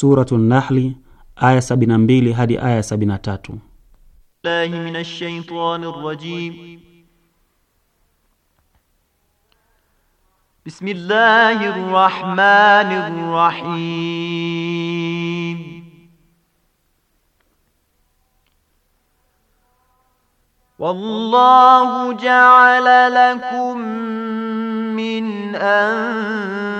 Suratu Nahli aya 72 hadi aya 73. Billahi minash shaitanir rajim. Bismillahir rahmanir rahim. والله جعل لكم من أنفسكم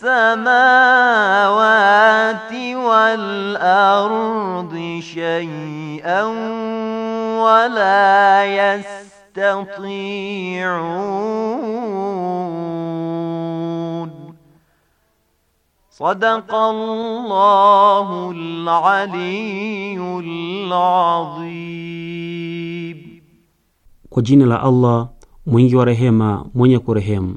السماوات والأرض شيئا ولا يستطيعون صدق الله العلي العظيم kwa jina la Allah mwingi wa rehema mwenye kurehemu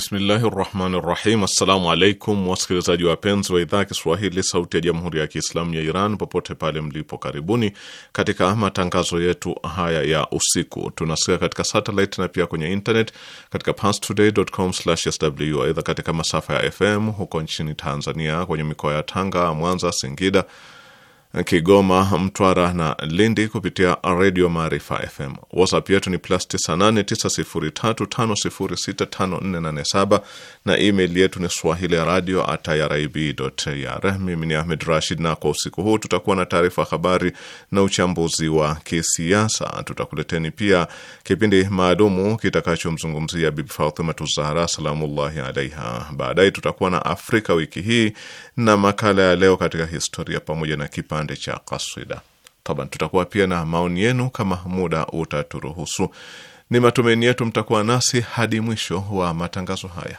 Bismillahi rahmani rahim. Assalamu alaikum wasikilizaji wapenzi wa idhaa ya Kiswahili sauti ya jamhuri ya Kiislamu ya Iran popote pale mlipo, karibuni katika matangazo yetu haya ya usiku. Tunasikia katika satelit na pia kwenye internet katika pastodaycom sw Aidha, katika masafa ya FM huko nchini Tanzania kwenye mikoa ya Tanga, Mwanza, Singida Kigoma, Mtwara na Lindi kupitia redio Maarifa FM. WhatsApp yetu ni plus 989035065487 na email yetu ni swahili radio irib.ir. Mimi ni Ahmed Rashid, na kwa usiku huu tutakuwa na taarifa habari na uchambuzi wa kisiasa. Tutakuleteni pia kipindi maalumu kitakachomzungumzia Bibi Fatima Zahra salamullahi alaiha. Baadaye tutakuwa na Afrika wiki hii na makala ya leo katika historia pamoja na kipa kipande cha kasida. Taban, tutakuwa pia na maoni yenu kama muda utaturuhusu. Ni matumaini yetu mtakuwa nasi hadi mwisho wa matangazo haya.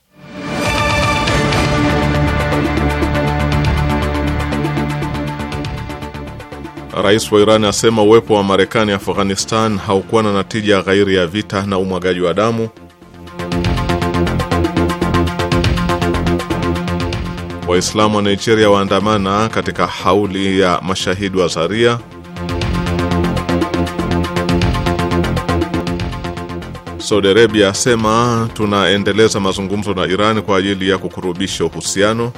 Rais wa Iran asema uwepo wa Marekani Afghanistan haukuwa na natija ghairi ya vita na umwagaji wa damu. Waislamu wa Nigeria waandamana katika hauli ya mashahidi wa Zaria. Saudi Arabia asema tunaendeleza mazungumzo na Iran kwa ajili ya kukurubisha uhusiano.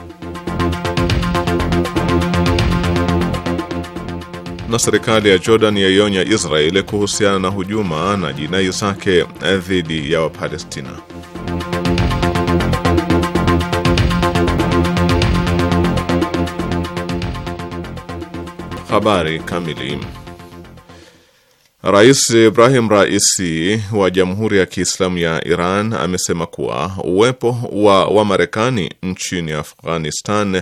na serikali ya Jordan yaionya Israeli kuhusiana na hujuma na jinai zake eh, dhidi ya Wapalestina. Habari kamili. Rais Ibrahim Raisi wa Jamhuri ya Kiislamu ya Iran amesema kuwa uwepo wa Wamarekani nchini Afghanistan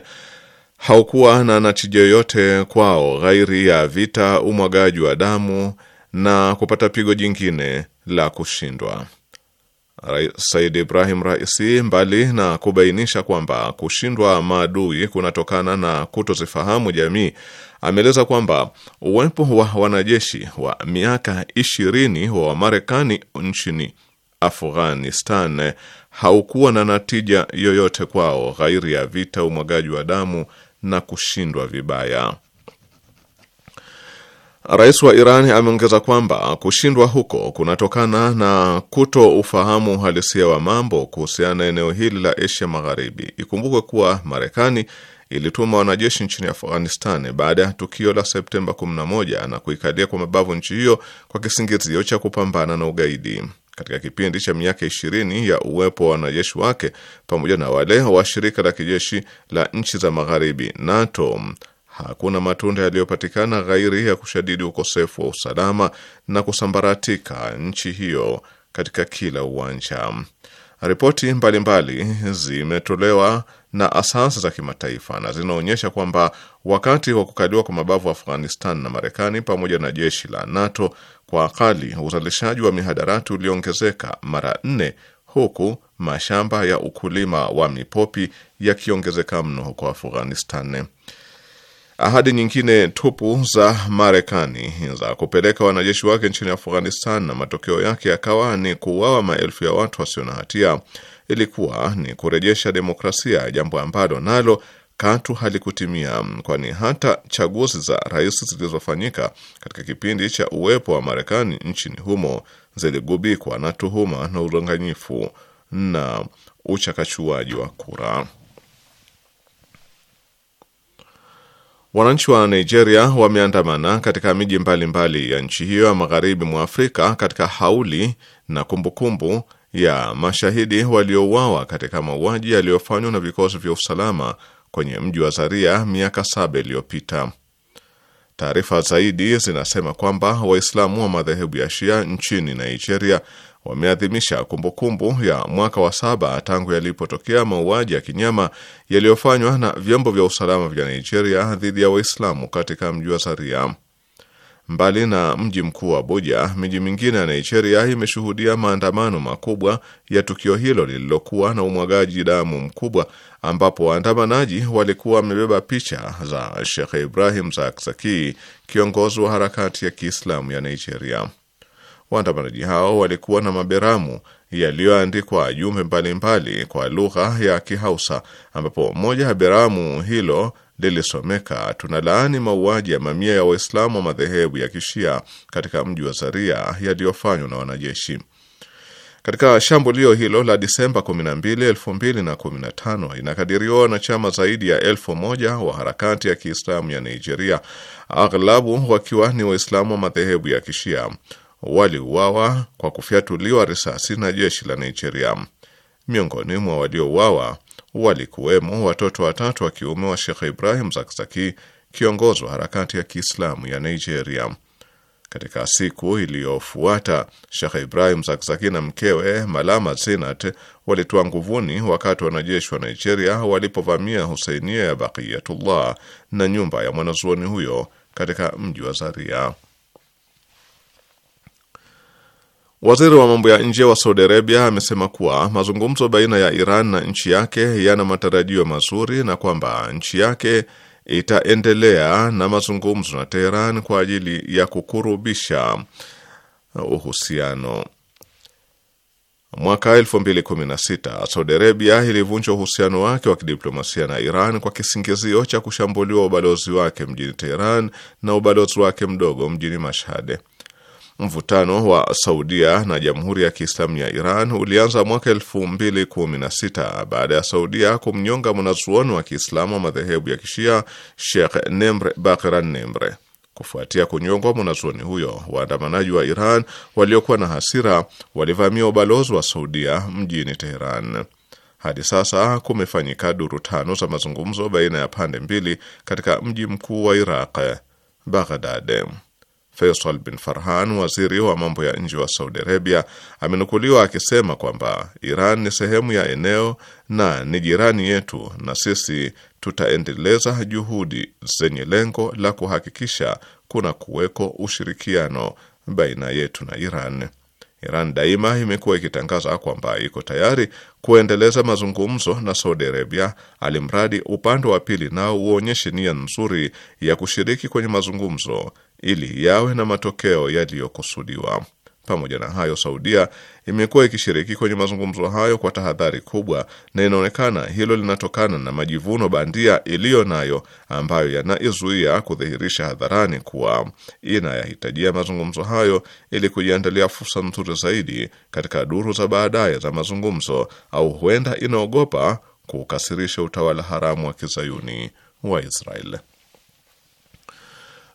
haukuwa na natija yoyote kwao ghairi ya vita, umwagaji wa damu na kupata pigo jingine la kushindwa. Said Ibrahim Raisi, mbali na kubainisha kwamba kushindwa maadui kunatokana na kutozifahamu jamii, ameeleza kwamba uwepo wa wanajeshi wa miaka ishirini wa Wamarekani nchini Afghanistan haukuwa na natija yoyote kwao ghairi ya vita, umwagaji wa damu na kushindwa vibaya. Rais wa Iran ameongeza kwamba kushindwa huko kunatokana na kuto ufahamu uhalisia wa mambo kuhusiana na eneo hili la Asia Magharibi. Ikumbukwe kuwa Marekani ilituma wanajeshi nchini Afghanistan baada ya tukio la Septemba 11 na kuikalia kwa mabavu nchi hiyo kwa kisingizio cha kupambana na ugaidi katika kipindi cha miaka ishirini ya uwepo wa wanajeshi wake pamoja na wale wa shirika la kijeshi la nchi za magharibi NATO, hakuna matunda yaliyopatikana ghairi ya kushadidi ukosefu wa usalama na kusambaratika nchi hiyo katika kila uwanja. Ripoti mbalimbali zimetolewa na asasi za kimataifa na zinaonyesha kwamba wakati wa kukaliwa kwa mabavu Afghanistan na Marekani pamoja na jeshi la NATO, kwa akali uzalishaji wa mihadarati uliongezeka mara nne, huku mashamba ya ukulima wa mipopi yakiongezeka mno huko Afghanistan. Ahadi nyingine tupu za Marekani za kupeleka wanajeshi wake nchini Afghanistan na matokeo yake yakawa ni kuuawa maelfu ya watu wasio na hatia ilikuwa ni kurejesha demokrasia, jambo ambalo nalo katu halikutimia, kwani hata chaguzi za rais zilizofanyika katika kipindi cha uwepo wa Marekani nchini humo ziligubikwa na tuhuma na udanganyifu na uchakachuaji wa kura. Wananchi wa Nigeria wameandamana katika miji mbalimbali ya nchi hiyo ya magharibi mwa Afrika katika hauli na kumbukumbu kumbu ya mashahidi waliouawa katika mauaji yaliyofanywa na vikosi vya usalama kwenye mji wa Zaria miaka saba iliyopita. Taarifa zaidi zinasema kwamba Waislamu wa madhehebu ya Shia nchini Nigeria wameadhimisha kumbukumbu ya mwaka wa saba tangu yalipotokea mauaji ya kinyama yaliyofanywa na vyombo vya usalama vya Nigeria dhidi ya Waislamu katika mji wa Zaria. Mbali na mji mkuu Abuja, miji mingine ya Nigeria imeshuhudia maandamano makubwa ya tukio hilo lililokuwa na umwagaji damu mkubwa, ambapo waandamanaji walikuwa wamebeba picha za Shekhe Ibrahim Zakzaki, kiongozi wa harakati ya Kiislamu ya Nigeria. Waandamanaji hao walikuwa na maberamu yaliyoandikwa jumbe mbalimbali kwa lugha ya Kihausa, ambapo moja ya beramu hilo lilisomeka tunalaani mauaji ya mamia ya Waislamu wa madhehebu ya kishia katika mji wa Zaria yaliyofanywa na wanajeshi. Katika shambulio hilo la Disemba 12, 2015 inakadiriwa wanachama zaidi ya elfu moja wa harakati ya Kiislamu ya Nigeria, aghlabu wakiwa ni Waislamu wa madhehebu ya kishia waliuawa kwa kufyatuliwa risasi na jeshi la Nigeria. Miongoni mwa waliouawa walikuwemo watoto watatu wa kiume wa Sheikh Ibrahim Zakzaki, kiongozi wa harakati ya Kiislamu ya Nigeria. Katika siku iliyofuata Shekh Ibrahim Zakzaki na mkewe Malama Zinat walitoa nguvuni wakati wanajeshi wa Nigeria walipovamia husainia ya Bakiyatullah na nyumba ya mwanazuoni huyo katika mji wa Zaria. Waziri wa mambo ya nje wa Saudi Arabia amesema kuwa mazungumzo baina ya Iran na nchi yake yana matarajio mazuri na kwamba nchi yake itaendelea na mazungumzo na Teheran kwa ajili ya kukurubisha uhusiano. Mwaka 2016 Saudi Arabia ilivunja uhusiano wake wa kidiplomasia na Iran kwa kisingizio cha kushambuliwa ubalozi wake mjini Teheran na ubalozi wake mdogo mjini Mashhad. Mvutano wa Saudia na Jamhuri ya Kiislamu ya Iran ulianza mwaka elfu mbili kumi na sita baada ya Saudia kumnyonga mwanazuoni wa Kiislamu wa madhehebu ya Kishia Sheikh Nemre Bakran Nemre. Kufuatia kunyongwa mwanazuoni huyo, waandamanaji wa Iran waliokuwa na hasira walivamia ubalozi wa Saudia mjini Teheran. Hadi sasa kumefanyika duru tano za mazungumzo baina ya pande mbili katika mji mkuu wa Iraq, Baghdad. Faisal bin Farhan, waziri wa mambo ya nje wa Saudi Arabia, amenukuliwa akisema kwamba Iran ni sehemu ya eneo na ni jirani yetu, na sisi tutaendeleza juhudi zenye lengo la kuhakikisha kuna kuweko ushirikiano baina yetu na Iran. Iran daima imekuwa ikitangaza kwamba iko tayari kuendeleza mazungumzo na Saudi Arabia, alimradi upande wa pili nao uonyeshe nia nzuri ya kushiriki kwenye mazungumzo ili yawe na matokeo yaliyokusudiwa. Pamoja na hayo, Saudia imekuwa ikishiriki kwenye mazungumzo hayo kwa tahadhari kubwa, na inaonekana hilo linatokana na majivuno bandia iliyo nayo ambayo yanaizuia kudhihirisha hadharani kuwa inayahitajia mazungumzo hayo ili kujiandalia fursa nzuri zaidi katika duru za baadaye za mazungumzo, au huenda inaogopa kukasirisha utawala haramu wa kizayuni wa Israeli.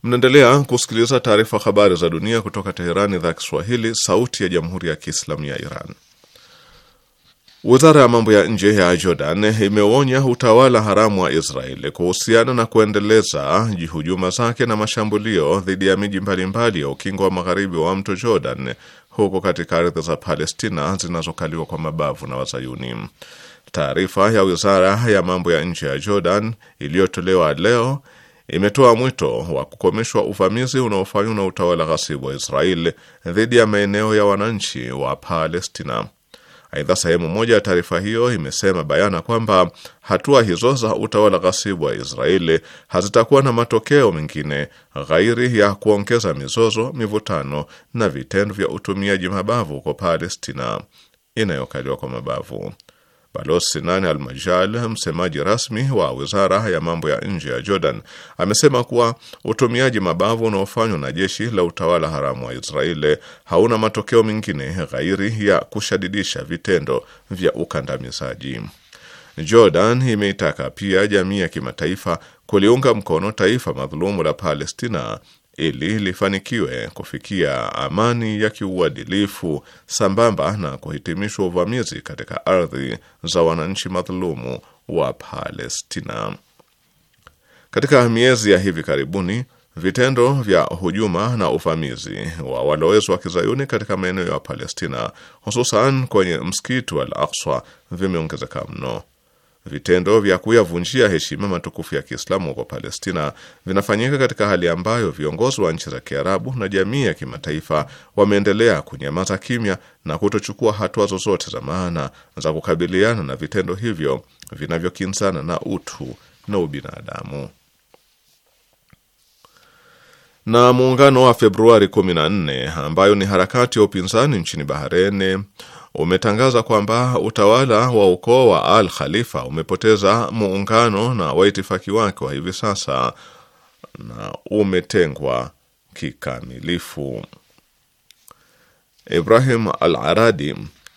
Mnaendelea kusikiliza taarifa habari za dunia kutoka Teherani, idhaa Kiswahili, sauti ya jamhuri ya kiislamu ya Iran. Wizara ya mambo ya nje ya Jordan imeonya utawala haramu wa Israeli kuhusiana na kuendeleza hujuma zake na mashambulio dhidi ya miji mbalimbali ya ukingo wa magharibi wa mto Jordan, huko katika ardhi za Palestina zinazokaliwa kwa mabavu na Wazayuni. Taarifa ya wizara ya mambo ya nje ya Jordan iliyotolewa leo imetoa mwito wa kukomeshwa uvamizi unaofanywa na utawala ghasibu wa Israel dhidi ya maeneo ya wananchi wa Palestina. Aidha, sehemu moja ya taarifa hiyo imesema bayana kwamba hatua hizo za utawala ghasibu wa Israeli hazitakuwa na matokeo mengine ghairi ya kuongeza mizozo, mivutano na vitendo vya utumiaji mabavu kwa Palestina inayokaliwa kwa mabavu. Balozi Sinan Al-Majal, msemaji rasmi wa wizara ya mambo ya nje ya Jordan, amesema kuwa utumiaji mabavu unaofanywa na jeshi la utawala haramu wa Israeli hauna matokeo mengine ghairi ya kushadidisha vitendo vya ukandamizaji. Jordan imeitaka pia jamii ya kimataifa kuliunga mkono taifa madhulumu la Palestina ili lifanikiwe kufikia amani ya kiuadilifu sambamba na kuhitimishwa uvamizi katika ardhi za wananchi madhulumu wa Palestina. Katika miezi ya hivi karibuni, vitendo vya hujuma na uvamizi wa walowezi wa kizayuni katika maeneo ya Palestina, hususan kwenye msikiti wa al vimeongezeka mno. Vitendo vya kuyavunjia heshima matukufu ya Kiislamu huko Palestina vinafanyika katika hali ambayo viongozi wa nchi za Kiarabu na jamii ya kimataifa wameendelea kunyamaza kimya na kutochukua hatua zozote za maana za kukabiliana na vitendo hivyo vinavyokinzana na utu na ubinadamu. Na muungano wa Februari 14 ambayo ni harakati ya upinzani nchini Bahareni umetangaza kwamba utawala wa ukoo wa Al Khalifa umepoteza muungano na waitifaki wake wa hivi sasa na umetengwa kikamilifu. Ibrahim Al Aradi,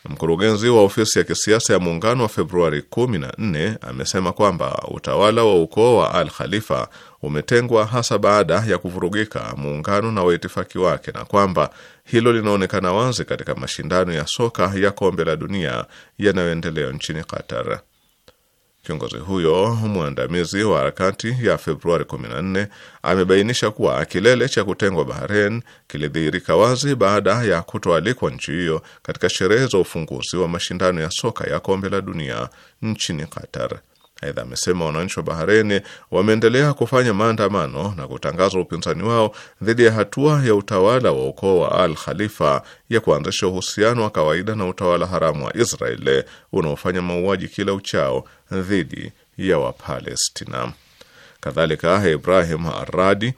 mkurugenzi wa ofisi ya kisiasa ya muungano wa Februari 14, amesema kwamba utawala wa ukoo wa Al Khalifa umetengwa hasa baada ya kuvurugika muungano na waitifaki wake na kwamba hilo linaonekana wazi katika mashindano ya soka ya kombe la dunia yanayoendelea nchini Qatar. Kiongozi huyo mwandamizi wa harakati ya Februari 14 amebainisha kuwa kilele cha kutengwa Bahrain kilidhihirika wazi baada ya kutoalikwa nchi hiyo katika sherehe za ufunguzi wa mashindano ya soka ya kombe la dunia nchini Qatar. Aidha amesema wananchi wa Bahareni wameendelea kufanya maandamano na kutangaza upinzani wao dhidi ya hatua ya utawala wa ukoo wa Al Khalifa ya kuanzisha uhusiano wa kawaida na utawala haramu wa Israeli unaofanya mauaji kila uchao dhidi ya Wapalestina. Kadhalika, Ibrahim Aradi,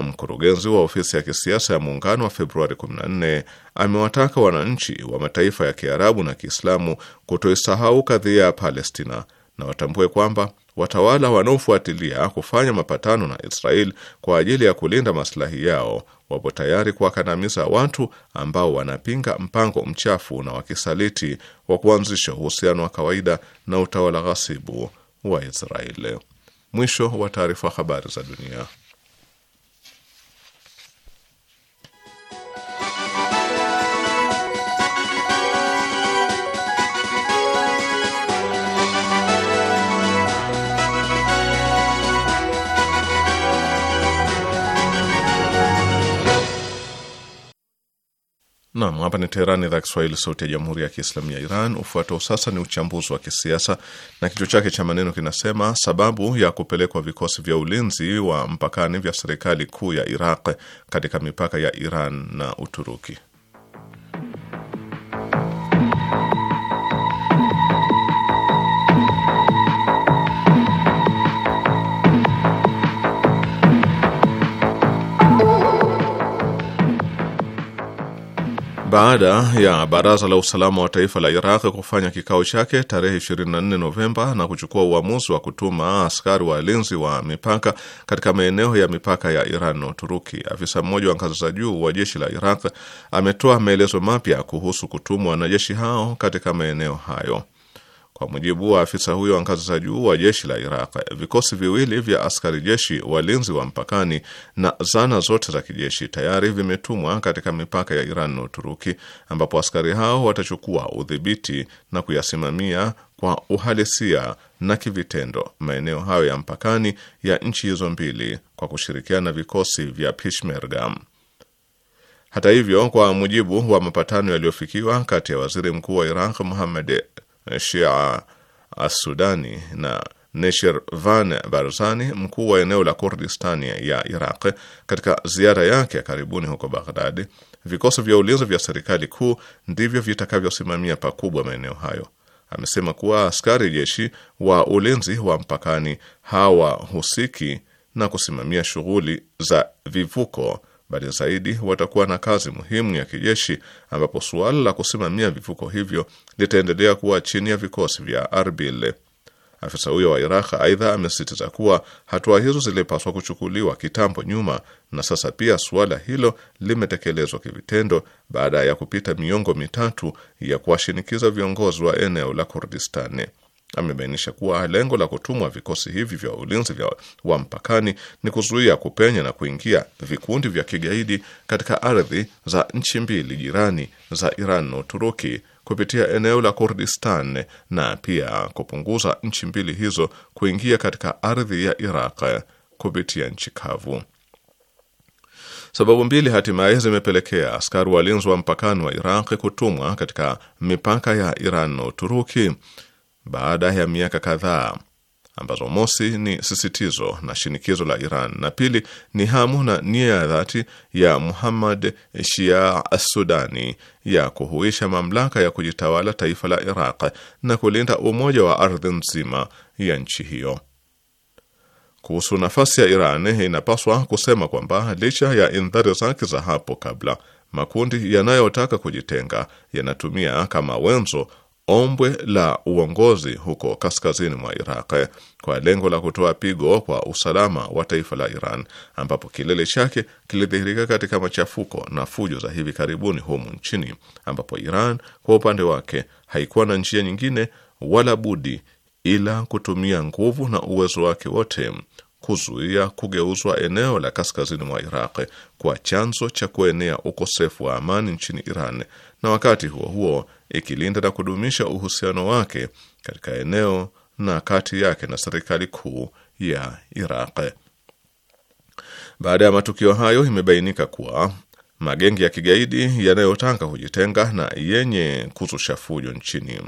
mkurugenzi wa ofisi ya kisiasa ya muungano wa Februari 14, amewataka wananchi wa mataifa ya Kiarabu na Kiislamu kutoisahau kadhia ya Palestina na watambue kwamba watawala wanaofuatilia kufanya mapatano na Israel kwa ajili ya kulinda maslahi yao wapo tayari kuwakandamiza watu ambao wanapinga mpango mchafu na wakisaliti wa kuanzisha uhusiano wa kawaida na utawala ghasibu wa Israeli. Mwisho wa taarifa. Habari za dunia. Nam, hapa ni Teherani, idhaa Kiswahili, sauti ya jamhuri ya kiislamu ya Iran. Ufuatao sasa ni uchambuzi wa kisiasa na kichwa chake cha maneno kinasema sababu ya kupelekwa vikosi vya ulinzi wa mpakani vya serikali kuu ya Iraq katika mipaka ya Iran na Uturuki. baada ya baraza la usalama wa taifa la Iraq kufanya kikao chake tarehe 24 Novemba na kuchukua uamuzi wa kutuma askari walinzi wa mipaka katika maeneo ya mipaka ya Iran na Uturuki, afisa mmoja wa ngazi za juu wa jeshi la Iraq ametoa maelezo mapya kuhusu kutumwa wanajeshi hao katika maeneo hayo. Kwa mujibu wa afisa huyo wa ngazi za juu wa jeshi la Iraq, vikosi viwili vya askari jeshi walinzi wa mpakani na zana zote za kijeshi tayari vimetumwa katika mipaka ya Iran na Uturuki, ambapo askari hao watachukua udhibiti na kuyasimamia kwa uhalisia na kivitendo maeneo hayo ya mpakani ya nchi hizo mbili kwa kushirikiana na vikosi vya Peshmerga. Hata hivyo, kwa mujibu wa mapatano yaliyofikiwa kati ya waziri mkuu wa Iraq Muhammad Shia Assudani na van Barzani, mkuu wa eneo la Kurdistani ya Iraq, katika ziara yake ya karibuni huko Baghdad, vikosi vya ulinzi vya serikali kuu ndivyo vitakavyosimamia pakubwa maeneo hayo. Amesema kuwa askari jeshi wa ulinzi wa mpakani hawahusiki na kusimamia shughuli za vivuko bali zaidi watakuwa na kazi muhimu ya kijeshi, ambapo suala la kusimamia vivuko hivyo litaendelea kuwa chini ya vikosi vya Arbil. Afisa huyo wa Iraq aidha amesisitiza kuwa hatua hizo zilipaswa kuchukuliwa kitambo nyuma, na sasa pia suala hilo limetekelezwa kivitendo baada ya kupita miongo mitatu ya kuwashinikiza viongozi wa eneo la Kurdistani. Amebainisha kuwa lengo la kutumwa vikosi hivi vya ulinzi wa mpakani ni kuzuia kupenya na kuingia vikundi vya kigaidi katika ardhi za nchi mbili jirani za Iran na Uturuki kupitia eneo la Kurdistan na pia kupunguza nchi mbili hizo kuingia katika ardhi ya Iraq kupitia nchi kavu. Sababu mbili hatimaye zimepelekea askari walinzi wa mpakani wa Iraq kutumwa katika mipaka ya Iran na Uturuki baada ya miaka kadhaa ambazo mosi ni sisitizo na shinikizo la Iran na pili ni hamu na nia ya dhati ya Muhammad Shia Assudani ya kuhuisha mamlaka ya kujitawala taifa la Iraq na kulinda umoja wa ardhi nzima ya nchi hiyo. Kuhusu nafasi ya Iran, inapaswa kusema kwamba licha ya indhari zake za hapo kabla, makundi yanayotaka kujitenga yanatumia kama wenzo ombwe la uongozi huko kaskazini mwa Iraq kwa lengo la kutoa pigo kwa usalama wa taifa la Iran, ambapo kilele chake kilidhihirika katika machafuko na fujo za hivi karibuni humu nchini, ambapo Iran kwa upande wake haikuwa na njia nyingine wala budi ila kutumia nguvu na uwezo wake wote kuzuia kugeuzwa eneo la kaskazini mwa Iraq kwa chanzo cha kuenea ukosefu wa amani nchini Iran na wakati huo huo ikilinda na kudumisha uhusiano wake katika eneo na kati yake na serikali kuu ya Iraq. Baada ya matukio hayo, imebainika kuwa magengi ya kigaidi yanayotaka kujitenga na yenye kuzusha fujo nchini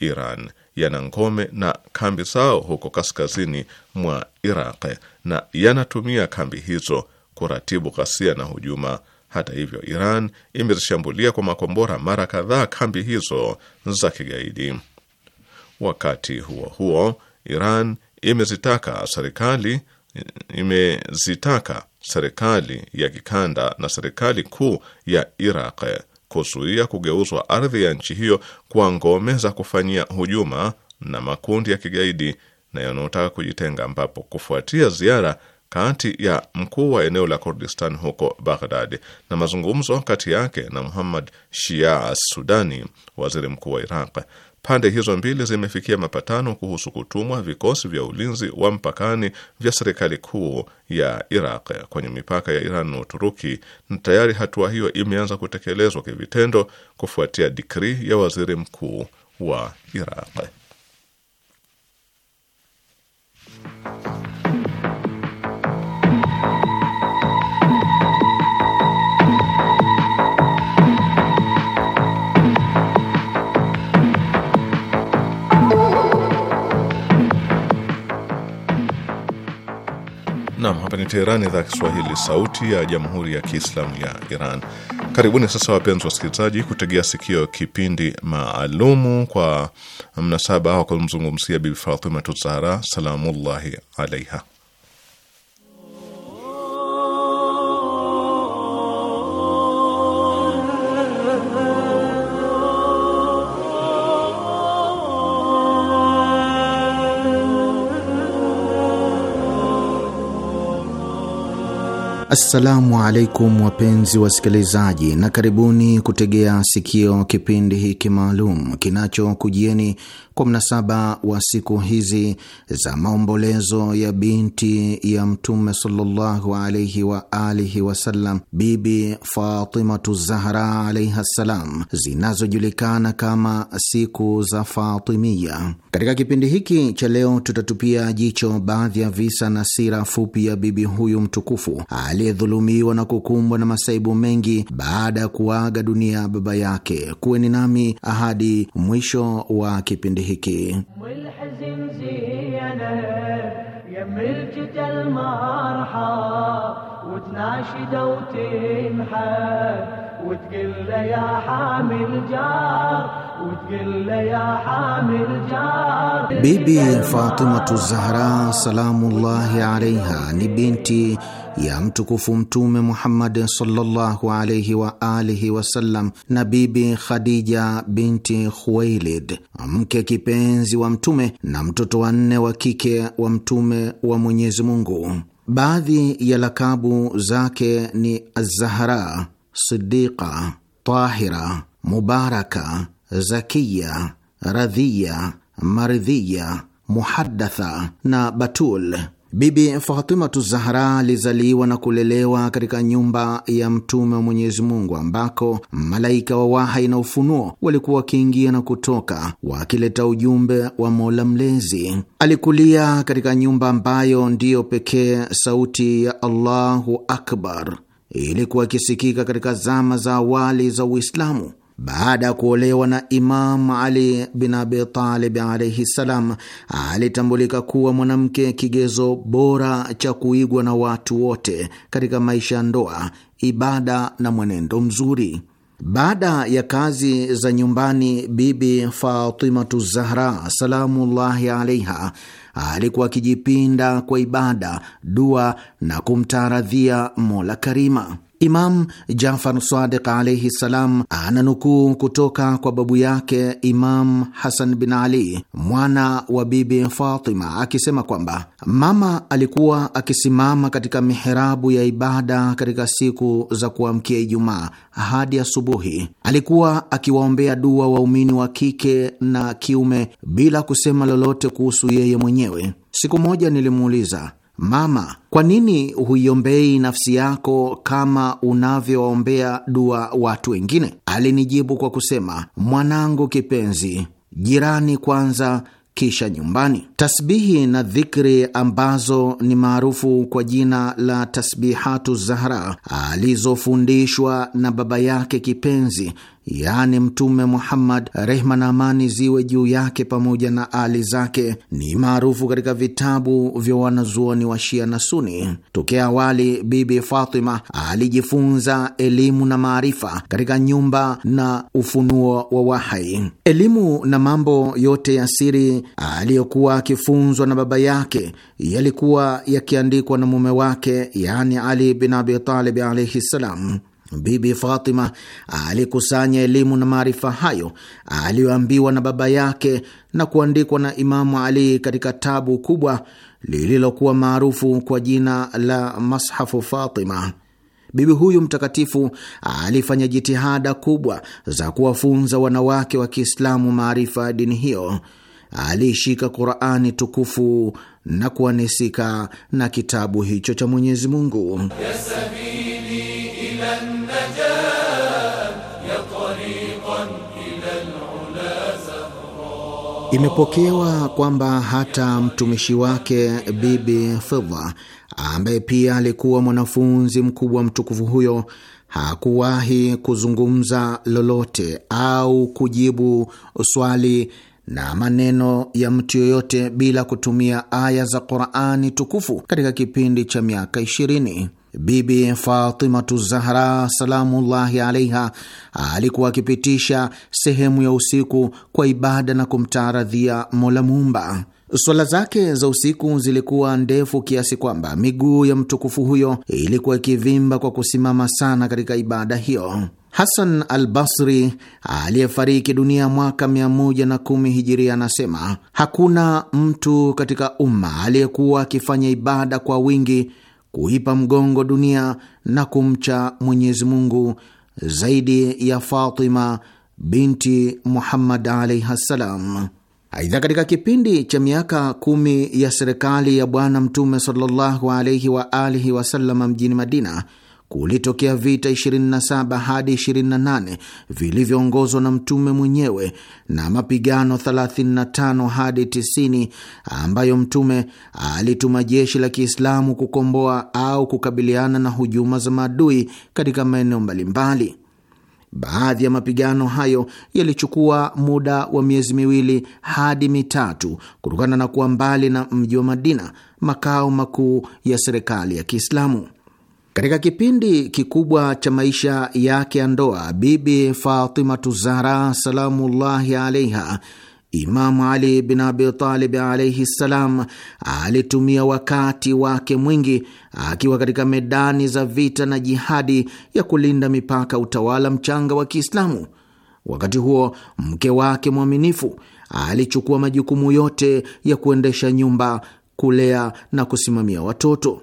Iran yana ngome na kambi zao huko kaskazini mwa Iraq na yanatumia kambi hizo kuratibu ghasia na hujuma hata hivyo, Iran imezishambulia kwa makombora mara kadhaa kambi hizo za kigaidi. Wakati huo huo, Iran imezitaka serikali imezitaka serikali ya kikanda na serikali kuu ya Iraq kuzuia kugeuzwa ardhi ya nchi hiyo kwa ngome za kufanyia hujuma na makundi ya kigaidi na yanayotaka kujitenga, ambapo kufuatia ziara kati ya mkuu wa eneo la Kurdistan huko Baghdad na mazungumzo kati yake na Muhammad Shia Sudani, waziri mkuu wa Iraq. Pande hizo mbili zimefikia mapatano kuhusu kutumwa vikosi vya ulinzi wa mpakani vya serikali kuu ya Iraq kwenye mipaka ya Iran na Uturuki, na tayari hatua hiyo imeanza kutekelezwa kivitendo kufuatia dikrii ya waziri mkuu wa Iraq. Nam, hapa ni teheran idhaa ya Kiswahili, sauti ya jamhuri ya kiislamu ya Iran. Karibuni sasa, wapenzi wasikilizaji, kutegea sikio kipindi maalumu kwa mnasaba wa kumzungumzia Bibi Fatimatu Zahra salamullahi alaiha. Assalamu alaikum wapenzi wasikilizaji, na karibuni kutegea sikio kipindi hiki maalum kinachokujieni kwa mnasaba wa siku hizi za maombolezo ya binti ya Mtume sallallahu alaihi wa alihi wasallam, Bibi Fatimatu Zahra alaiha ssalam, zinazojulikana kama siku za Fatimia. Katika kipindi hiki cha leo, tutatupia jicho baadhi ya visa na sira fupi ya bibi huyu mtukufu aliyedhulumiwa na kukumbwa na masaibu mengi baada ya kuaga dunia baba yake. Kuweni nami ahadi mwisho wa kipindi hiki. Bibi Fatimatu Zahra salamullahi alaiha ni binti ya mtukufu Mtume Muhammad sallallahu alaihi wa alihi wasallam na Bibi Khadija binti Khuwailid, mke kipenzi wa Mtume na mtoto wanne wa kike wa Mtume wa Mwenyezi Mungu. Baadhi ya lakabu zake ni Azahra, Sidiqa, Tahira, Mubaraka, Zakiya, Radhiya, Maridhiya, Muhadatha na Batul. Bibi Fatimatu Zahra alizaliwa na kulelewa katika nyumba ya Mtume wa Mwenyezi Mungu ambako malaika wa wahai na ufunuo walikuwa wakiingia na kutoka wakileta ujumbe wa Mola Mlezi. Alikulia katika nyumba ambayo ndiyo pekee sauti ya Allahu Akbar ilikuwa ikisikika katika zama za awali za Uislamu. Baada ya kuolewa na Imam Ali bin Abi Talib alaihi ssalam, alitambulika kuwa mwanamke kigezo bora cha kuigwa na watu wote katika maisha ya ndoa, ibada na mwenendo mzuri. Baada ya kazi za nyumbani, Bibi Fatimatu Zahra salamullahi alaiha alikuwa akijipinda kwa ibada, dua na kumtaradhia Mola Karima. Imam Jafar Sadiq alaihi ssalam ananukuu kutoka kwa babu yake Imam Hasan bin Ali mwana wa Bibi Fatima akisema kwamba mama alikuwa akisimama katika miherabu ya ibada katika siku za kuamkia Ijumaa hadi asubuhi. Alikuwa akiwaombea dua waumini wa kike na kiume bila kusema lolote kuhusu yeye mwenyewe. Siku moja nilimuuliza Mama, kwa nini huiombei nafsi yako kama unavyowaombea dua watu wengine? Alinijibu kwa kusema, mwanangu kipenzi, jirani kwanza kisha nyumbani. Tasbihi na dhikri ambazo ni maarufu kwa jina la tasbihatu Zahra alizofundishwa na baba yake kipenzi yaani Mtume Muhammad, rehma na amani ziwe juu yake pamoja na ali zake, ni maarufu katika vitabu vya wanazuoni wa Shia na Suni. Tokea awali, Bibi Fatima alijifunza elimu na maarifa katika nyumba na ufunuo wa wahai. Elimu na mambo yote ya siri aliyokuwa akifunzwa na baba yake yalikuwa yakiandikwa na mume wake, yaani Ali bin Abi Talib alaihi ssalam. Bibi Fatima alikusanya elimu na maarifa hayo aliyoambiwa na baba yake na kuandikwa na Imamu Ali katika tabu kubwa lililokuwa maarufu kwa jina la Mashafu Fatima. Bibi huyu mtakatifu alifanya jitihada kubwa za kuwafunza wanawake wa Kiislamu maarifa ya dini hiyo. Aliishika Qurani tukufu na kuanisika na kitabu hicho cha Mwenyezi Mungu. Yes, Imepokewa kwamba hata mtumishi wake Bibi Fidha ambaye pia alikuwa mwanafunzi mkubwa mtukufu huyo hakuwahi kuzungumza lolote au kujibu swali na maneno ya mtu yoyote bila kutumia aya za Qur'ani tukufu katika kipindi cha miaka ishirini. Bibi Fatimatu Zahra salamullahi alaiha alikuwa akipitisha sehemu ya usiku kwa ibada na kumtaaradhia Mola Muumba. Swala zake za usiku zilikuwa ndefu kiasi kwamba miguu ya mtukufu huyo ilikuwa ikivimba kwa kusimama sana katika ibada hiyo. Hasan al Basri aliyefariki dunia mwaka 110 Hijiria anasema hakuna mtu katika umma aliyekuwa akifanya ibada kwa wingi kuipa mgongo dunia na kumcha Mwenyezi Mungu zaidi ya Fatima binti Muhammad alaihi ssalam. Aidha, katika kipindi cha miaka kumi ya serikali ya Bwana Mtume sallallahu alaihi waalihi wasalama mjini Madina kulitokea vita 27 hadi 28 vilivyoongozwa na mtume mwenyewe na mapigano 35 hadi 90 ambayo mtume alituma jeshi la Kiislamu kukomboa au kukabiliana na hujuma za maadui katika maeneo mbalimbali. Baadhi ya mapigano hayo yalichukua muda wa miezi miwili hadi mitatu kutokana na kuwa mbali na mji wa Madina, makao makuu ya serikali ya Kiislamu. Katika kipindi kikubwa cha maisha yake ya ndoa, Bibi Fatimatu Zahra salamullahi alaiha, Imamu Ali bin Abitalib alaihi ssalam alitumia wakati wake mwingi akiwa katika medani za vita na jihadi ya kulinda mipaka utawala mchanga wa Kiislamu. Wakati huo mke wake mwaminifu alichukua majukumu yote ya kuendesha nyumba, kulea na kusimamia watoto.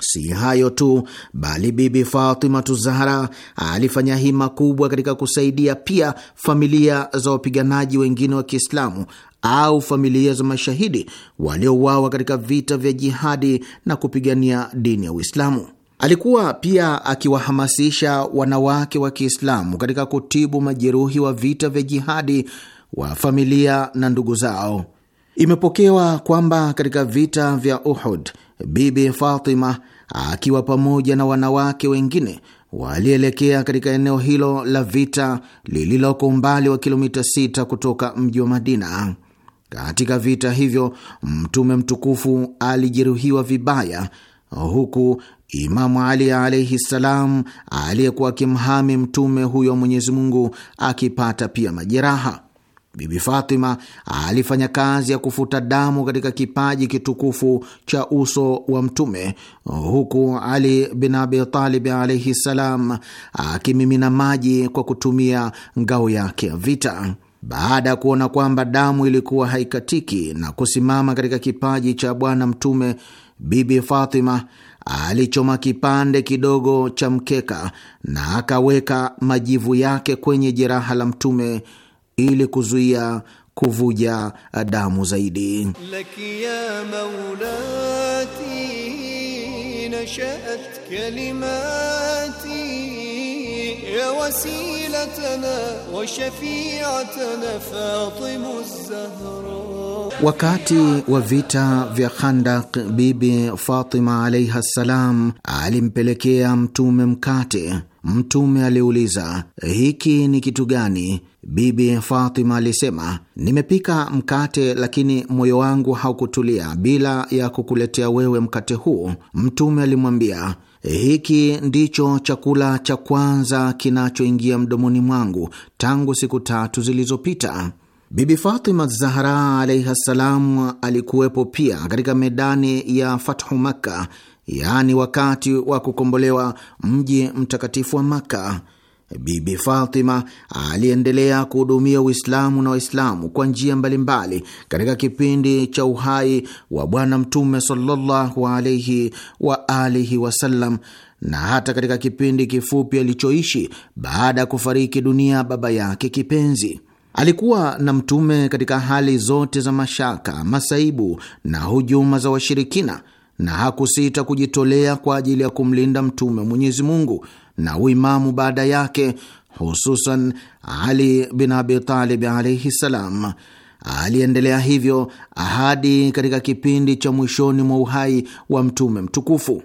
Si hayo tu, bali Bibi Fatimatu Zahra alifanya hima kubwa katika kusaidia pia familia za wapiganaji wengine wa Kiislamu au familia za mashahidi waliouawa katika vita vya jihadi na kupigania dini ya Uislamu. Alikuwa pia akiwahamasisha wanawake wa Kiislamu katika kutibu majeruhi wa vita vya jihadi wa familia na ndugu zao. Imepokewa kwamba katika vita vya Uhud Bibi Fatima akiwa pamoja na wanawake wengine walielekea katika eneo hilo la vita lililoko umbali wa kilomita sita kutoka mji wa Madina. Katika vita hivyo Mtume mtukufu alijeruhiwa vibaya, huku Imamu Ali alaihi ssalam, aliyekuwa akimhami mtume huyo Mwenyezi Mungu, akipata pia majeraha. Bibi Fatima alifanya kazi ya kufuta damu katika kipaji kitukufu cha uso wa Mtume, huku Ali bin Abi Talib alaihi ssalam akimimina maji kwa kutumia ngao yake ya vita. Baada ya kuona kwamba damu ilikuwa haikatiki na kusimama katika kipaji cha Bwana Mtume, Bibi Fatima alichoma kipande kidogo cha mkeka na akaweka majivu yake kwenye jeraha la Mtume ili kuzuia kuvuja damu zaidi. Wakati wa vita vya Khandak, Bibi Fatima alaiha ssalam alimpelekea Mtume mkate Mtume aliuliza, hiki ni kitu gani? Bibi Fatima alisema, nimepika mkate, lakini moyo wangu haukutulia bila ya kukuletea wewe mkate huu. Mtume alimwambia, hiki ndicho chakula cha kwanza kinachoingia mdomoni mwangu tangu siku tatu zilizopita. Bibi Fatima Zahra alaihi ssalamu alikuwepo pia katika medani ya Fathu Makka yaani wakati wa kukombolewa mji mtakatifu wa Makka, Bibi Fatima aliendelea kuhudumia Uislamu na Waislamu kwa njia mbalimbali katika kipindi cha uhai wa Bwana Mtume sallallahu alaihi wa alihi wasallam na hata katika kipindi kifupi alichoishi baada ya kufariki dunia baba yake kipenzi. Alikuwa na Mtume katika hali zote za mashaka, masaibu na hujuma za washirikina na hakusita kujitolea kwa ajili ya kumlinda mtume wa Mwenyezi Mungu na uimamu baada yake, hususan Ali bin Abi Talib alaihi salam. Aliendelea hivyo hadi katika kipindi cha mwishoni mwa uhai wa mtume mtukufu.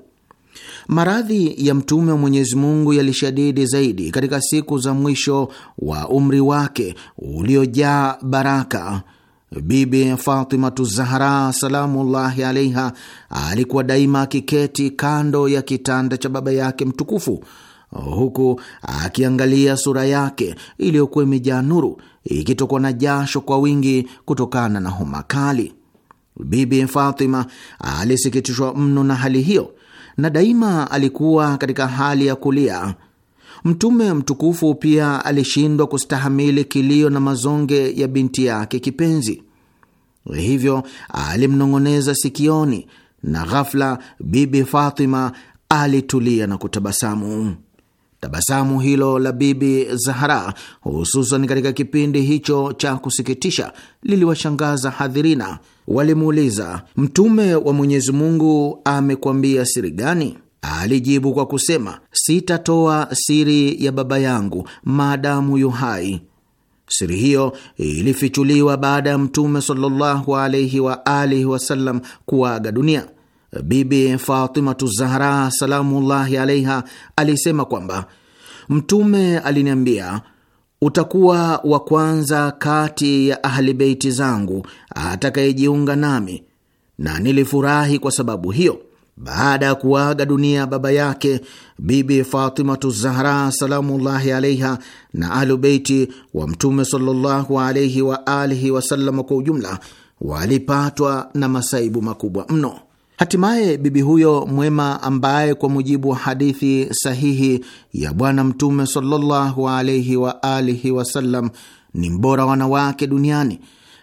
Maradhi ya mtume wa Mwenyezi Mungu yalishadidi zaidi katika siku za mwisho wa umri wake uliojaa baraka. Bibi Fatimatu Zahra salamullahi alaiha alikuwa daima akiketi kando ya kitanda cha baba yake mtukufu, huku akiangalia sura yake iliyokuwa imejaa nuru, ikitokwa na jasho kwa wingi kutokana na homa kali. Bibi Fatima alisikitishwa mno na hali hiyo, na daima alikuwa katika hali ya kulia Mtume mtukufu pia alishindwa kustahamili kilio na mazonge ya binti yake kipenzi, hivyo alimnong'oneza sikioni, na ghafla Bibi Fatima alitulia na kutabasamu. Tabasamu hilo la Bibi Zahara, hususan katika kipindi hicho cha kusikitisha, liliwashangaza hadhirina. Walimuuliza, Mtume wa Mwenyezi Mungu amekwambia siri gani? Alijibu kwa kusema, sitatoa siri ya baba yangu maadamu yu hai. Siri hiyo ilifichuliwa baada ya Mtume sallallahu alaihi wa alihi wasallam kuaga dunia. Bibi Fatimatu Zahra salamullahi alaiha alisema kwamba Mtume aliniambia, utakuwa wa kwanza kati ya ahli beiti zangu atakayejiunga nami, na nilifurahi kwa sababu hiyo. Baada ya kuaga dunia baba yake Bibi Fatimatu Zahra salamullahi alaiha na Ahlubeiti wa Mtume sallallahu alaihi wa alihi wasallam kwa ujumla walipatwa na masaibu makubwa mno. Hatimaye bibi huyo mwema ambaye kwa mujibu wa hadithi sahihi ya Bwana Mtume sallallahu alaihi wa alihi wasallam ni mbora wanawake duniani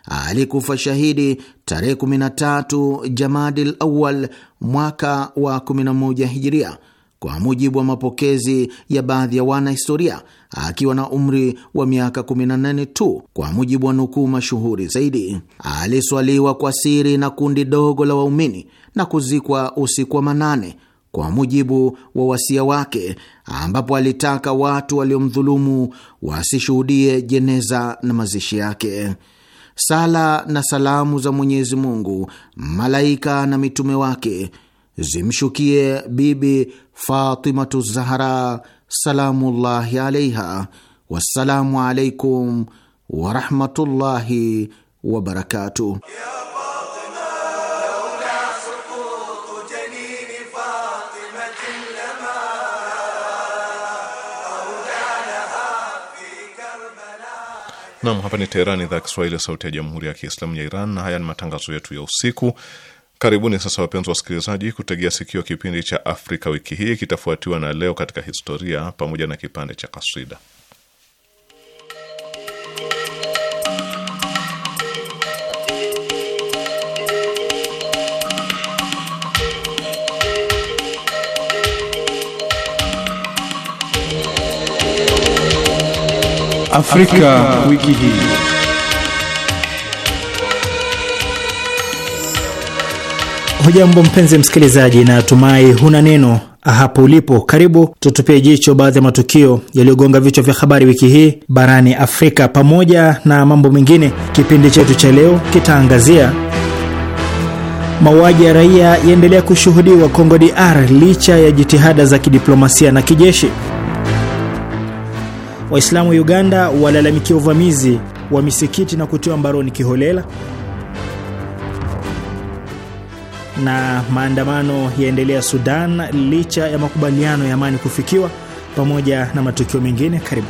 alikufa shahidi tarehe 13 Jamadil Awal mwaka wa 11 Hijiria, kwa mujibu wa mapokezi ya baadhi ya wanahistoria, akiwa na umri wa miaka 18 tu, kwa mujibu wa nukuu mashuhuri zaidi. Aliswaliwa kwa siri na kundi dogo la waumini na kuzikwa usiku wa manane kwa mujibu wa wasia wake, ambapo alitaka watu waliomdhulumu wasishuhudie jeneza na mazishi yake sala na salamu za Mwenyezi Mungu, malaika na mitume wake zimshukie Bibi Fatimatu Zahra salamullahi alaiha. Wassalamu alaikum warahmatullahi wabarakatuh. Nam, hapa ni Teherani, idhaa ya Kiswahili, sauti ya jamhuri ya kiislamu ya Iran, na haya ni matangazo yetu ya usiku. Karibuni sasa wapenzi wasikilizaji, kutegea sikio kipindi cha Afrika wiki hii, kitafuatiwa na leo katika historia pamoja na kipande cha kaswida. Afrika, wiki hii. Hujambo mpenzi msikilizaji, na tumai huna neno hapo ulipo. Karibu tutupie jicho baadhi ya matukio yaliyogonga vichwa vya habari wiki hii barani Afrika. Pamoja na mambo mengine, kipindi chetu cha leo kitaangazia mauaji ya raia yaendelea kushuhudiwa Kongo DR licha ya jitihada za kidiplomasia na kijeshi Waislamu wa Uganda walalamikia uvamizi wa misikiti na kutiwa mbaroni kiholela, na maandamano yaendelea Sudan licha ya makubaliano ya amani kufikiwa, pamoja na matukio mengine. Karibu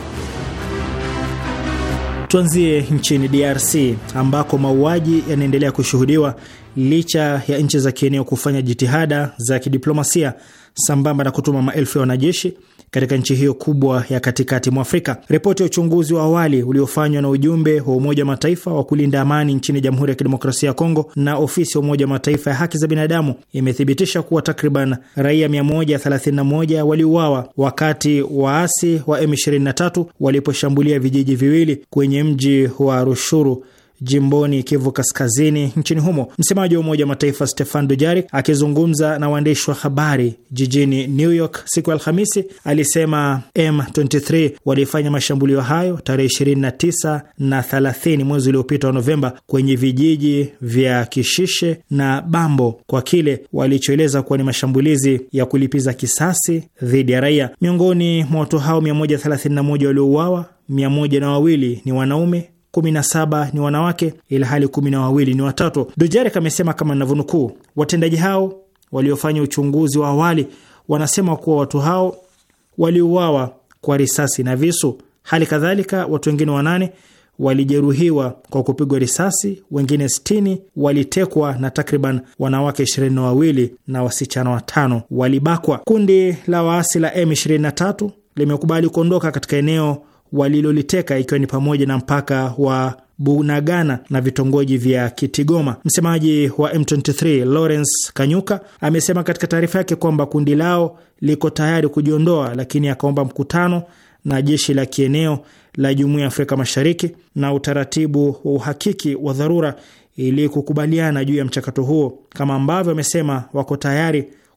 tuanzie nchini DRC ambako mauaji yanaendelea kushuhudiwa licha ya nchi za kieneo kufanya jitihada za kidiplomasia sambamba na kutuma maelfu ya wanajeshi katika nchi hiyo kubwa ya katikati mwa Afrika. Ripoti ya uchunguzi wa awali uliofanywa na ujumbe wa Umoja wa Mataifa wa kulinda amani nchini Jamhuri ya Kidemokrasia ya Kongo na ofisi ya Umoja wa Mataifa ya haki za binadamu imethibitisha kuwa takriban raia 131 waliuawa wakati waasi wa M23 waliposhambulia vijiji viwili kwenye mji wa Rushuru jimboni Kivu Kaskazini nchini humo. Msemaji wa Umoja wa Mataifa Stefan Dujarik akizungumza na waandishi wa habari jijini New York siku ya Alhamisi alisema M23 walifanya mashambulio hayo tarehe 29 na 30 mwezi uliopita wa Novemba kwenye vijiji vya Kishishe na Bambo kwa kile walichoeleza kuwa ni mashambulizi ya kulipiza kisasi dhidi ya raia. Miongoni mwa watu hao 131 waliouawa, mia moja na wawili ni wanaume 17 ni wanawake, ila hali wawili ni watoto. Dujarek amesema kama ninavyonukuu, watendaji hao waliofanya uchunguzi wa awali wanasema kuwa watu hao waliuawa kwa risasi na visu. Hali kadhalika watu wengine wanane walijeruhiwa kwa kupigwa risasi, wengine s walitekwa na takriban wanawake 22 na wasichana watano walibakwa. Kundi la waasi la M23 limekubali kuondoka katika eneo waliloliteka ikiwa ni pamoja na mpaka wa Bunagana na vitongoji vya Kitigoma. Msemaji wa M23 Lawrence Kanyuka amesema katika taarifa yake kwamba kundi lao liko tayari kujiondoa, lakini akaomba mkutano na jeshi la kieneo la Jumuiya ya Afrika Mashariki na utaratibu wa uhakiki wa dharura ili kukubaliana juu ya mchakato huo, kama ambavyo amesema wako tayari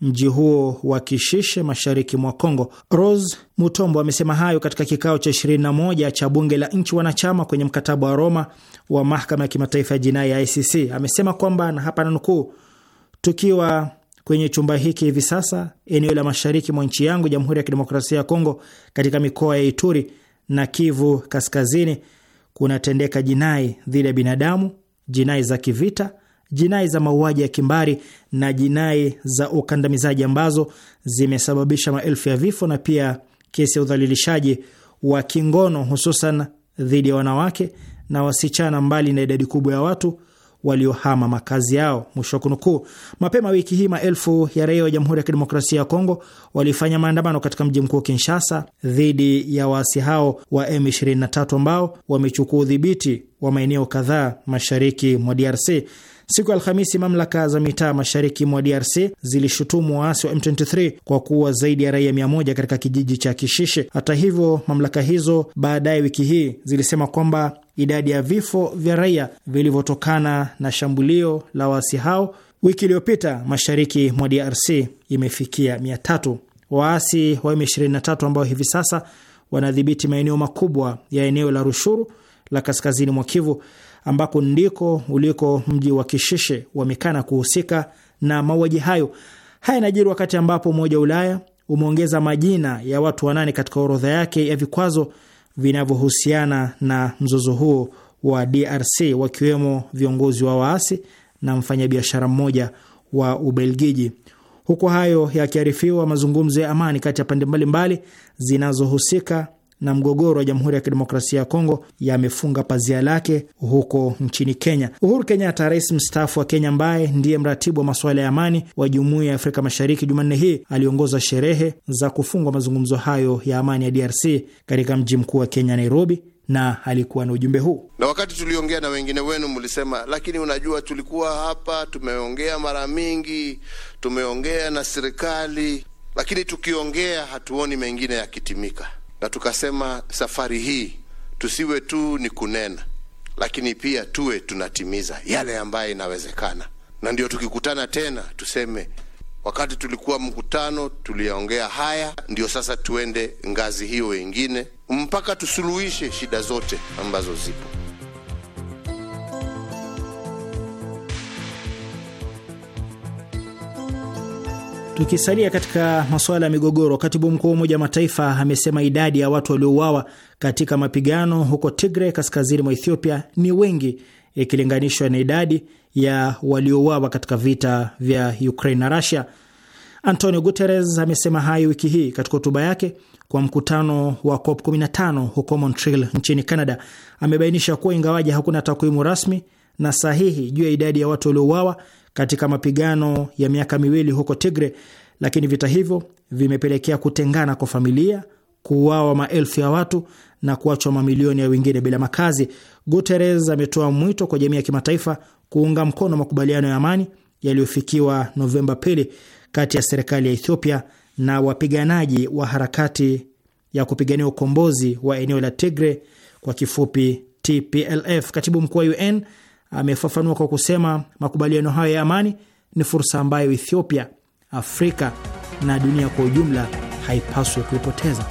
mji huo wa Kishishe mashariki mwa Kongo. Rose Mutombo amesema hayo katika kikao cha 21 cha bunge la nchi wanachama kwenye mkataba wa Roma wa mahakama ya kimataifa ya jinai ya ICC. Amesema kwamba na hapa nanukuu, tukiwa kwenye chumba hiki hivi sasa, eneo la mashariki mwa nchi yangu, Jamhuri ya Kidemokrasia ya Kongo, katika mikoa ya Ituri na Kivu Kaskazini kunatendeka jinai dhidi ya binadamu, jinai za kivita jinai za mauaji ya kimbari na jinai za ukandamizaji ambazo zimesababisha maelfu ya vifo na pia kesi ya udhalilishaji wa kingono hususan dhidi ya wanawake na wasichana, mbali na idadi kubwa ya watu waliohama makazi yao. Mwisho wa kunukuu. Mapema wiki hii maelfu ya raia wa Jamhuri ya Kidemokrasia ya Kongo walifanya maandamano katika mji mkuu Kinshasa dhidi ya waasi hao wa M23 ambao wamechukua udhibiti wa maeneo kadhaa mashariki mwa DRC. Siku ya Alhamisi, mamlaka za mitaa mashariki mwa DRC zilishutumu waasi wa M23 kwa kuua zaidi ya raia moja katika kijiji cha Kishishe. Hata hivyo, mamlaka hizo baadaye wiki hii zilisema kwamba idadi ya vifo vya raia vilivyotokana na shambulio la waasi hao wiki iliyopita mashariki mwa DRC imefikia tatu. Waasi wa M23 ambao hivi sasa wanadhibiti maeneo makubwa ya eneo la Rushuru la kaskazini mwa Kivu ambako ndiko uliko mji wa Kishishe wamekana kuhusika na mauaji hayo. Haya yanajiri wakati ambapo Umoja wa Ulaya umeongeza majina ya watu wanane katika orodha yake ya vikwazo vinavyohusiana na mzozo huo wa DRC, wakiwemo viongozi wa waasi na mfanyabiashara mmoja wa Ubelgiji. Huku hayo yakiarifiwa, mazungumzo ya amani kati ya pande mbalimbali zinazohusika na mgogoro wa Jamhuri ya Kidemokrasia ya Kongo yamefunga pazia lake huko nchini Kenya. Uhuru Kenyatta, rais mstaafu wa Kenya ambaye ndiye mratibu wa masuala ya amani wa Jumuiya ya Afrika Mashariki, Jumanne hii aliongoza sherehe za kufungwa mazungumzo hayo ya amani ya DRC katika mji mkuu wa Kenya, Nairobi, na alikuwa na ujumbe huu. Na wakati tuliongea na wengine wenu, mlisema lakini unajua, tulikuwa hapa tumeongea mara mingi, tumeongea na serikali, lakini tukiongea hatuoni mengine yakitimika na tukasema safari hii tusiwe tu ni kunena, lakini pia tuwe tunatimiza yale ambayo inawezekana, na ndio tukikutana tena tuseme wakati tulikuwa mkutano tuliyaongea haya, ndio sasa tuende ngazi hiyo ingine mpaka tusuluhishe shida zote ambazo zipo. Tukisalia katika masuala ya migogoro, katibu mkuu wa Umoja wa Mataifa amesema idadi ya watu waliouawa katika mapigano huko Tigre, kaskazini mwa Ethiopia, ni wengi ikilinganishwa na idadi ya waliouawa katika vita vya Ukraine na rusia Antonio Guterres amesema hayo wiki hii katika hotuba yake kwa mkutano wa COP 15 huko Montreal nchini Canada. Amebainisha kuwa ingawaji hakuna takwimu rasmi na sahihi juu ya idadi ya watu waliouawa katika mapigano ya miaka miwili huko Tigre, lakini vita hivyo vimepelekea kutengana kwa familia, kuuawa maelfu ya watu na kuachwa mamilioni ya wengine bila makazi. Guterres ametoa mwito kwa jamii ya kimataifa kuunga mkono makubaliano ya amani yaliyofikiwa Novemba pili kati ya serikali ya Ethiopia na wapiganaji wa harakati ya kupigania ukombozi wa eneo la Tigre, kwa kifupi TPLF. Katibu mkuu wa UN amefafanua kwa kusema makubaliano hayo ya amani ni fursa ambayo Ethiopia, Afrika na dunia kwa ujumla haipaswi kuipoteza.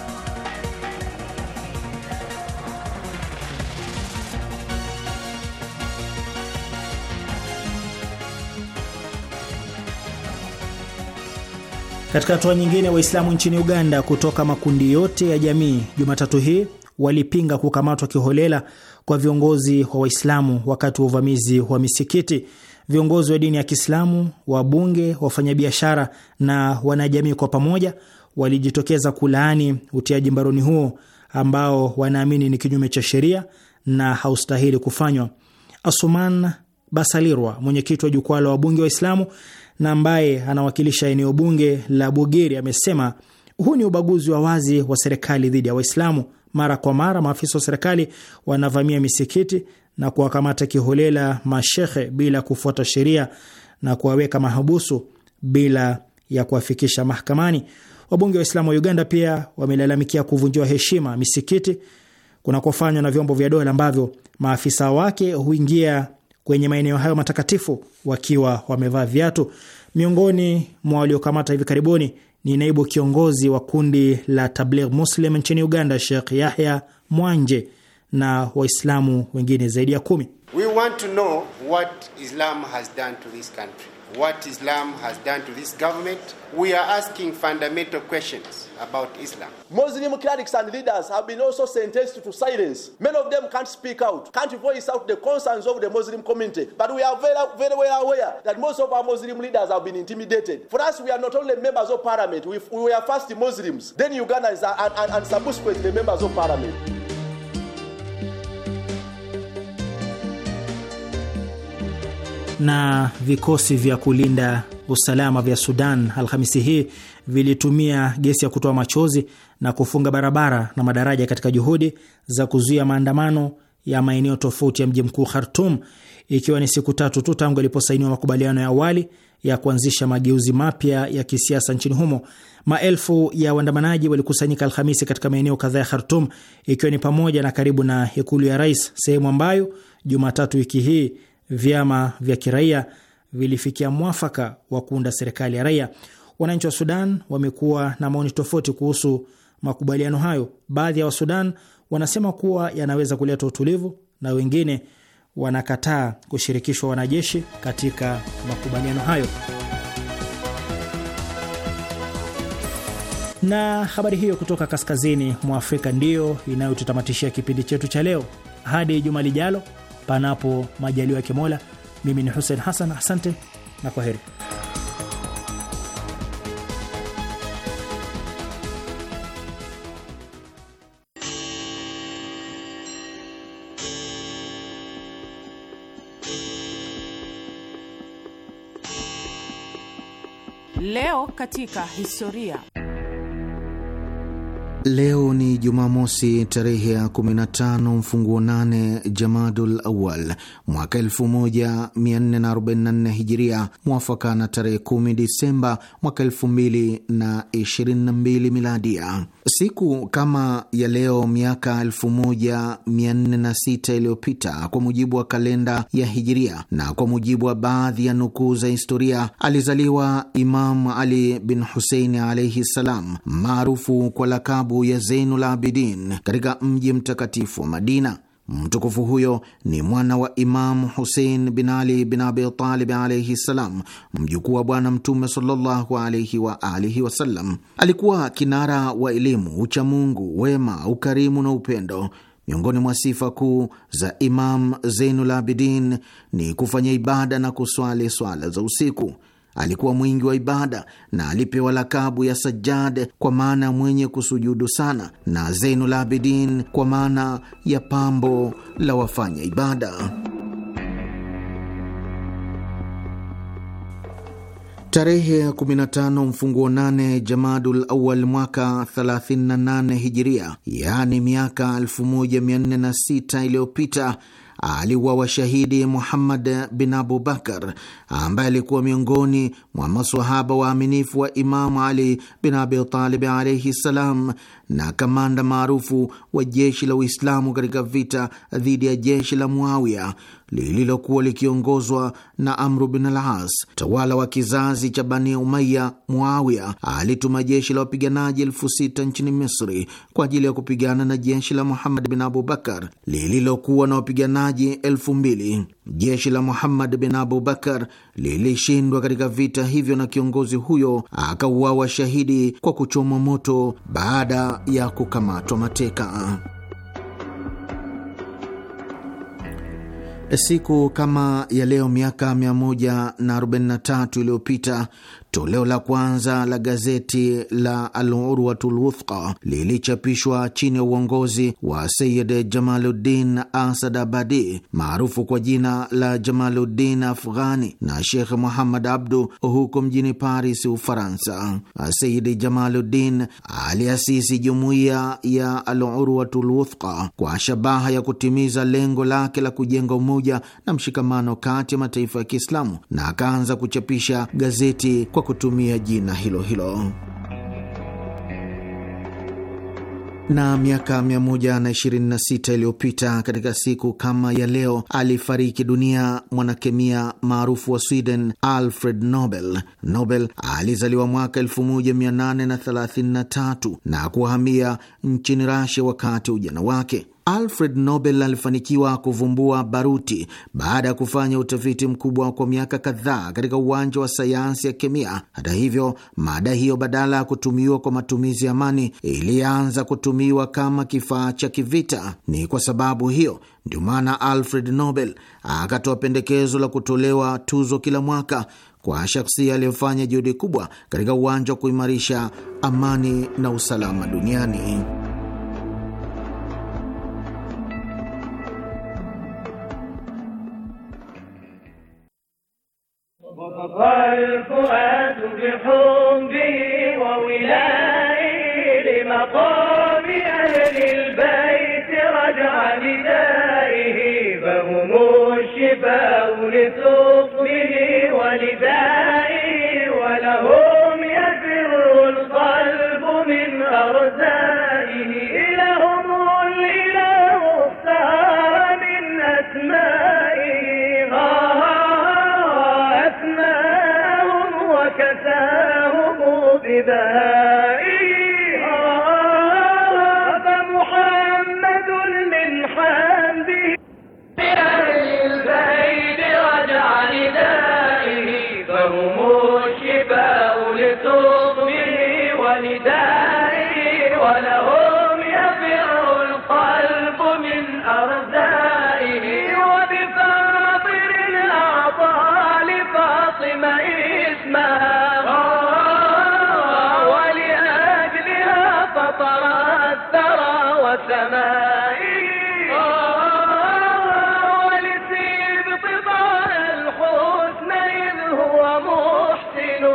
Katika hatua nyingine, Waislamu nchini Uganda kutoka makundi yote ya jamii Jumatatu hii walipinga kukamatwa kiholela kwa viongozi wa Waislamu wakati wa uvamizi wa misikiti. Viongozi wa dini ya Kiislamu, wabunge, wafanyabiashara na wanajamii kwa pamoja walijitokeza kulaani utiaji mbaroni huo ambao wanaamini ni kinyume cha sheria na haustahili kufanywa. Asuman Basalirwa, mwenyekiti wa jukwaa la wabunge Waislamu na ambaye anawakilisha eneo bunge la Bugeri, amesema huu ni ubaguzi wa wazi wa serikali dhidi ya Waislamu. Mara kwa mara maafisa wa serikali wanavamia misikiti na kuwakamata kiholela mashehe bila kufuata sheria na kuwaweka mahabusu bila ya kuwafikisha mahakamani. Wabunge wa Waislamu wa Uganda pia wamelalamikia kuvunjiwa heshima misikiti kunakofanywa na vyombo vya dola ambavyo maafisa wake huingia kwenye maeneo hayo matakatifu wakiwa wamevaa viatu. Miongoni mwa waliokamata hivi karibuni ni naibu kiongozi wa kundi la Tabligh Muslim nchini Uganda, Sheikh Yahya Mwanje na Waislamu wengine zaidi ya kumi. We want to know what Islam has done to this country. what Islam has done to this government. We are asking fundamental questions about Islam. Muslim clerics and leaders have been also sentenced to silence. Many of them can't speak out, can't voice out the concerns of the Muslim community. But we are very, very well aware that most of our Muslim leaders have been intimidated. For us, we are not only members of parliament, we, we are first Muslims, then Ugandans, and, and, and subsequently members of parliament. na vikosi vya kulinda usalama vya Sudan Alhamisi hii vilitumia gesi ya kutoa machozi na kufunga barabara na madaraja katika juhudi za kuzuia maandamano ya maeneo tofauti ya mji mkuu Khartum, ikiwa ni siku tatu tu tangu yaliposainiwa makubaliano ya awali ya kuanzisha mageuzi mapya ya kisiasa nchini humo. Maelfu ya waandamanaji walikusanyika Alhamisi katika maeneo kadhaa ya Khartum, ikiwa ni pamoja na karibu na ikulu ya rais, sehemu ambayo Jumatatu wiki hii vyama vya kiraia vilifikia mwafaka wa kuunda serikali ya raia. Wananchi wa Sudan wamekuwa na maoni tofauti kuhusu makubaliano hayo. Baadhi ya Wasudan wanasema kuwa yanaweza kuleta utulivu na wengine wanakataa kushirikishwa wanajeshi katika makubaliano hayo. Na habari hiyo kutoka kaskazini mwa Afrika ndiyo inayotutamatishia kipindi chetu cha leo. Hadi juma lijalo panapo majaliwa yake Mola. Mimi ni Hussein Hassan, asante na kwa heri. Leo katika historia Leo ni Jumamosi tarehe ya 15 mfunguo 8 Jamadul Awal mwaka 1444 Hijiria, mwafaka na tarehe 10 Disemba mwaka 2022 Miladia. Siku kama ya leo miaka 1406 iliyopita kwa mujibu wa kalenda ya Hijiria na kwa mujibu wa baadhi ya nukuu za historia, alizaliwa Imam Ali bin husein alaihi salam maarufu kwa lakabu madhabahu ya Zeinul Abidin katika mji mtakatifu wa Madina. Mtukufu huyo ni mwana wa Imamu Husein bin Ali bin Abitalib alaihi ssalam, mjukuu wa Bwana Mtume sallallahu alaihi wa alihi wasallam. Alikuwa kinara wa elimu, uchamungu, wema, ukarimu na upendo. Miongoni mwa sifa kuu za Imam Zeinul Abidin ni kufanya ibada na kuswali swala za usiku. Alikuwa mwingi wa ibada na alipewa lakabu ya Sajad kwa maana ya mwenye kusujudu sana, na Zainul Abidin kwa maana ya pambo la wafanya ibada. Tarehe ya 15 mfunguo 8 Jamadul Awal mwaka 38 Hijiria, yaani miaka 1406 iliyopita aliuawa shahidi Muhammad bin Abu Bakar ambaye alikuwa miongoni mwa masahaba waaminifu wa Imamu Ali bin Abi Talib alaihi ssalam na kamanda maarufu wa jeshi la Uislamu katika vita dhidi ya jeshi la Muawiya lililokuwa likiongozwa na Amru bin al-As. Tawala wa kizazi cha Bani Umaya, Muawiya alituma jeshi la wapiganaji elfu sita nchini Misri kwa ajili ya kupigana na jeshi la Muhammad bin Abubakar lililokuwa na wapiganaji elfu mbili. Jeshi la Muhammad bin Abubakar lilishindwa katika vita hivyo, na kiongozi huyo akauawa shahidi kwa kuchomwa moto baada ya kukamatwa mateka. Siku kama ya leo miaka 143 iliyopita Toleo la kwanza la gazeti la Alurwatul Wuthqa lilichapishwa chini ya uongozi wa Sayid Jamaluddin Asad Abadi, maarufu kwa jina la Jamaluddin Afghani, na Shekh Muhammad Abdu huko mjini Paris, Ufaransa. Sayid Jamaluddin aliasisi jumuiya ya Alurwatul Wuthqa kwa shabaha ya kutimiza lengo lake la kujenga umoja na mshikamano kati ya mataifa ya Kiislamu, na akaanza kuchapisha gazeti kwa kutumia jina hilo hilo. na miaka 126 iliyopita katika siku kama ya leo alifariki dunia mwanakemia maarufu wa Sweden Alfred Nobel. Nobel alizaliwa mwaka 1833 na kuhamia nchini Rasia wakati wa ujana wake. Alfred Nobel alifanikiwa kuvumbua baruti baada ya kufanya utafiti mkubwa kwa miaka kadhaa katika uwanja wa sayansi ya kemia. Hata hivyo, mada hiyo badala ya kutumiwa kwa matumizi ya amani ilianza kutumiwa kama kifaa cha kivita. Ni kwa sababu hiyo ndio maana Alfred Nobel akatoa pendekezo la kutolewa tuzo kila mwaka kwa shaksia aliyofanya juhudi kubwa katika uwanja wa kuimarisha amani na usalama duniani. والفؤاد بحبه وولائه لمقام أهل البيت رجع ندائه فهم الشفاء لثقبه ولذلك وسمائه ولسي بطباع الحسن إذ هو محسن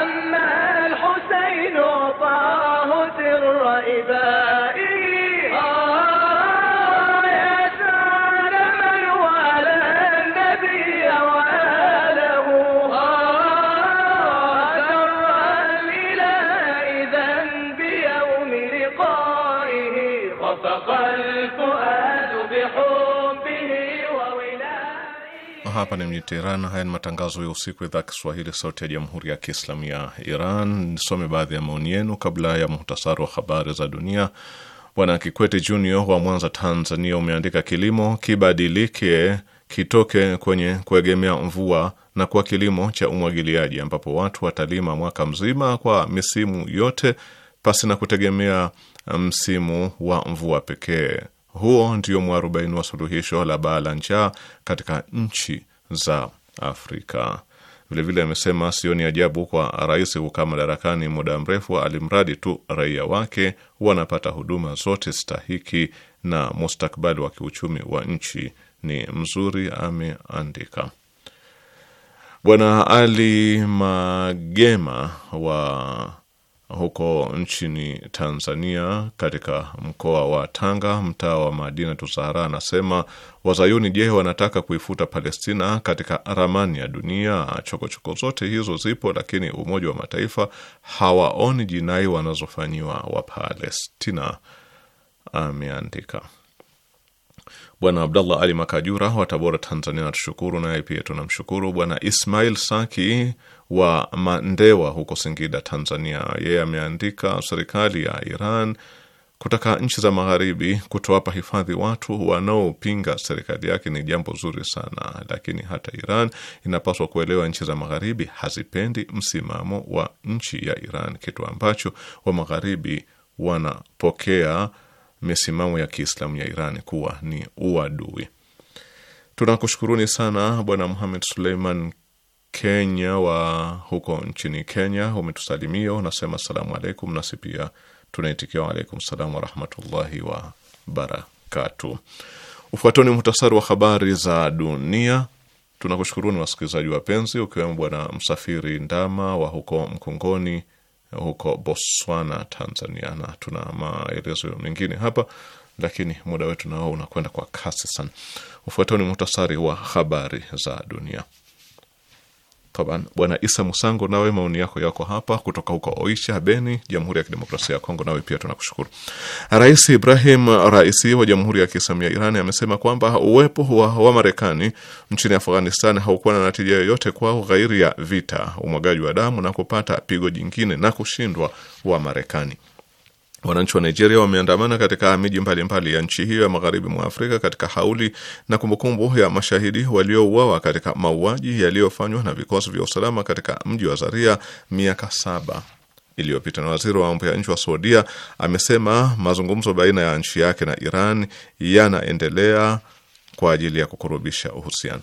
أما الحسين طاهة الرئباء Hapa ni mjini Teheran. Haya ni matangazo ya usiku, idhaa Kiswahili, sauti ya jamhuri ya kiislamu ya Iran. Nisome baadhi ya maoni yenu kabla ya muhtasari wa habari za dunia. Bwana Kikwete Junior wa Mwanza, Tanzania, umeandika kilimo kibadilike kitoke kwenye kuegemea mvua na kuwa kilimo cha umwagiliaji, ambapo watu watalima mwaka mzima kwa misimu yote pasi na kutegemea msimu wa mvua pekee. Huo ndio mwarobaini wa suluhisho la baa la njaa katika nchi za Afrika. Vilevile amesema vile sioni ajabu kwa rais kukaa madarakani muda mrefu, alimradi tu raia wake wanapata huduma zote stahiki na mustakbali wa kiuchumi wa nchi ni mzuri, ameandika Bwana Ali Magema wa huko nchini Tanzania, katika mkoa wa Tanga, mtaa wa Madina Tuzahara, anasema Wazayuni, je, wanataka kuifuta Palestina katika ramani ya dunia? Chokochoko zote hizo zipo, lakini Umoja wa Mataifa hawaoni jinai wanazofanyiwa Wapalestina, ameandika. Bwana Abdallah Ali Makajura wa Tabora, Tanzania, natushukuru. Naye pia tunamshukuru. Bwana Ismail Saki wa Mandewa huko Singida, Tanzania, yeye ameandika, serikali ya Iran kutaka nchi za magharibi kutowapa hifadhi watu wanaopinga serikali yake ni jambo zuri sana, lakini hata Iran inapaswa kuelewa nchi za magharibi hazipendi msimamo wa nchi ya Iran, kitu ambacho wa magharibi wanapokea misimamo ya Kiislamu ya Iran kuwa ni uadui. Tunakushukuruni sana Bwana Muhamed Suleiman Kenya wa huko nchini Kenya, umetusalimia unasema asalamu alaikum, nasi pia tunaitikia waalaikum salam warahmatullahi wabarakatu. Ufuatao ni muhtasari wa habari za dunia. Tunakushukuruni wasikilizaji wapenzi, ukiwemo Bwana Msafiri Ndama wa huko Mkongoni huko Botswana, Tanzania, na tuna maelezo mengine hapa, lakini muda wetu nao unakwenda kwa kasi sana. Ufuatao ni muhtasari wa habari za dunia. Taban, Bwana Isa Musango, nawe maoni yako yako hapa kutoka huko Oicha, Beni, Jamhuri ya Kidemokrasia ya Kongo. Nawe pia tunakushukuru. Rais Ibrahim Raisi wa Jamhuri ya Kiislamu ya Iran amesema kwamba uwepo wa wa marekani nchini Afghanistan haukuwa na natija yoyote kwao ghairi ya vita, umwagaji wa damu na kupata pigo jingine na kushindwa wa Marekani. Wananchi wa Nigeria wameandamana katika miji mbalimbali ya nchi hiyo ya magharibi mwa Afrika katika hauli na kumbukumbu ya mashahidi waliouawa katika mauaji yaliyofanywa na vikosi vya usalama katika mji wa Zaria miaka saba iliyopita. Na waziri wa mambo ya nchi wa Saudia amesema mazungumzo baina ya nchi yake na Iran yanaendelea kwa ajili ya kukurubisha uhusiano.